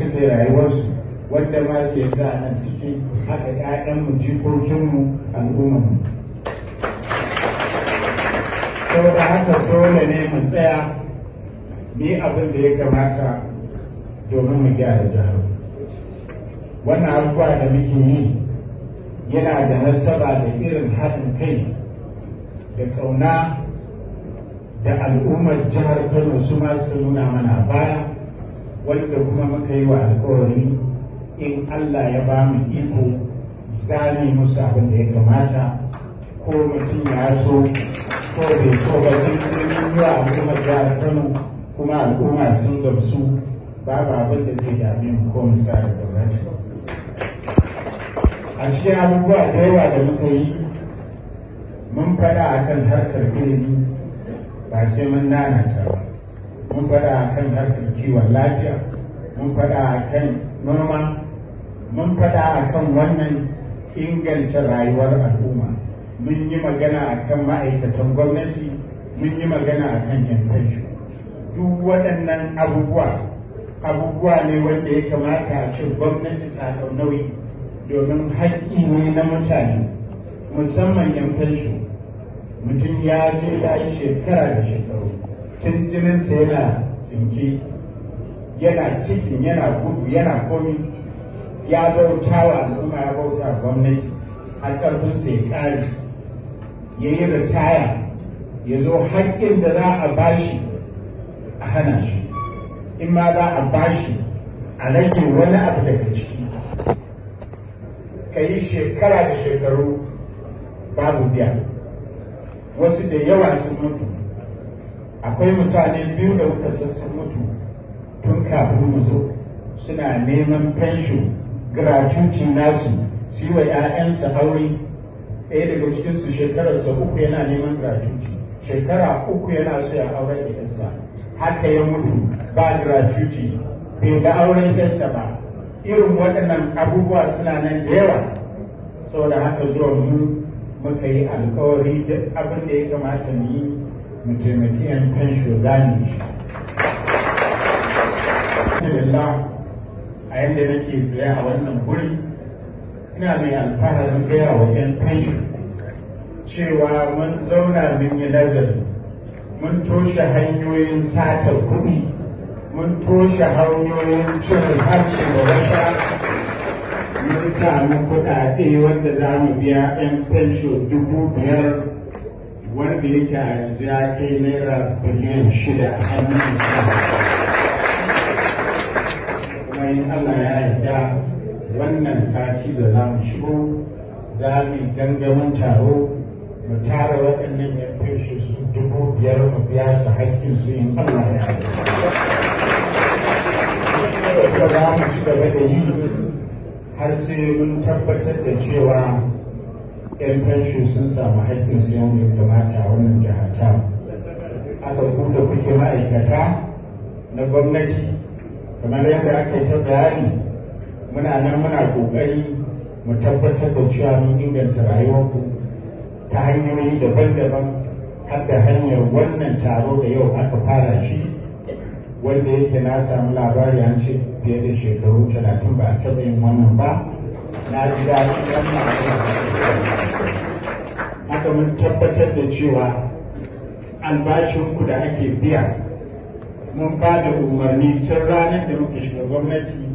suka yi rayuwarsu wadda ma su ya a nan suke mu al'ummar jikokinmu al'ummarmu saboda haka dole ne mu tsaya ni abin da ya gabata domin mu gyara jihar wannan abubuwa da muke yi yana da nasaba da irin haɗin kai da ƙauna da al'ummar jihar kano su ma suka nuna mana baya wanda kuma muka yi wa alkawari in Allah ya ba mu iko za mu musu abin da ya kamata ko mutum ya so ko bai so ba zai kuma yi wa al'umma jihar Kano kuma al'umma sun gamsu babu abin da zai dame mu ko mu sa da zaune a cikin abubuwa da yawa da muka yi mun faɗa akan harkar ilimi ba sai mun nanata ba mun faɗa kan harkar kiwon lafiya mun faɗa kan noma mun faɗa kan wannan inganta rayuwar al'umma mun yi magana a kan ma'aikatan gwamnati mun yi magana akan yan fashi duk waɗannan abubuwa abubuwa ne wanda ya kamata a ce gwamnati ta ɗau nauyi domin haƙƙi ne na mutane musamman yan mutum ya je ya shekara da shekaru sa yana tsinke yana cikin yana gudu yana komi ya bauta wa al'umma ya bauta wa gwamnati har sa ya ƙare ya yi ritaya ya zo haƙƙin da za a bashi a hana shi in ma za a bashi a rage wani abu daga ciki ka yi shekara da shekaru babu biya wasu da yawa sun mutu akwai mutane biyu da muka san sun mutu tun kafin mu zo suna neman fensho gratuity nasu su yi wa 'ya'yansu aure ɗaya daga cikinsu shekararsa uku yana neman gratuity shekara uku yana so ya aure da yansa haka ya mutu ba gratuity bai ga auren yansa ba irin waɗannan abubuwa suna nan da yawa saboda haka zuwa mu muka yi alkawari duk abin da ya kamata mu yi mu taimaki 'yan fensho gane shi alhamdulillah a yadda nake tsaye a wannan guri ina mai alfaharin gaya wa 'yan fensho cewa mun zauna mun yi nazari mun toshe hanyoyin satar kuɗi mun toshe hanyoyin cin hanci da rasha mun samu kuɗaɗe wanda za mu biya 'yan fensho dubu biyar wanda yake a yanzu ya kai naira biliyan shida a hannun kuma in allah ya yarda wannan sati da za mu shigo za mu yi gangamin taro mu tara waɗannan ya feshe su dubu biyar mu biya su haƙƙin su in allah ya yarda za mu ci gaba da yi har sai mun tabbatar da cewa 'yan fenshin sun samu haƙƙin su yadda ya kamata wannan jihar ta aka ku da kuke ma'aikata na gwamnati kamar yadda aka yi ta bayani muna nan muna ƙoƙari mu tabbatar da cewa mun inganta rayuwarku ta hanyoyi daban-daban har da hanyar wannan taro da yau aka fara shi wanda yake na samu labari an ce fiye da shekaru talatin ba a taɓa yin wannan ba na haka mun tabbatar da cewa albashinku da ake biya mun ba da umarni tun ranar da muke shiga gwamnati